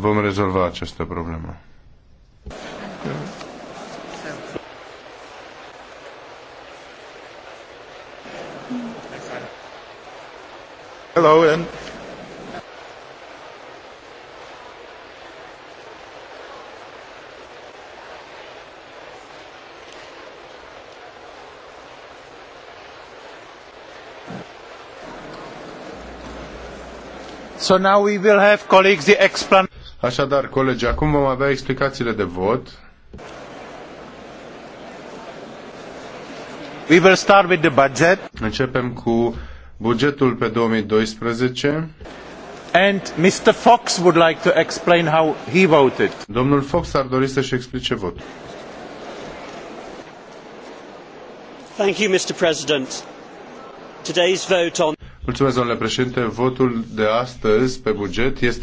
vom rezolva această problemă. Hello and So now we will have colleagues the explanation. Așadar, colegi, acum vom avea explicațiile de vot. We will start with the budget. Începem cu bugetul pe 2012. And Mr. Fox would like to explain how he voted. Domnul Fox ar dori să-și explice votul. Thank you, Mr. President. Today's vote on... Mulțumesc, domnule președinte. Votul de astăzi pe buget este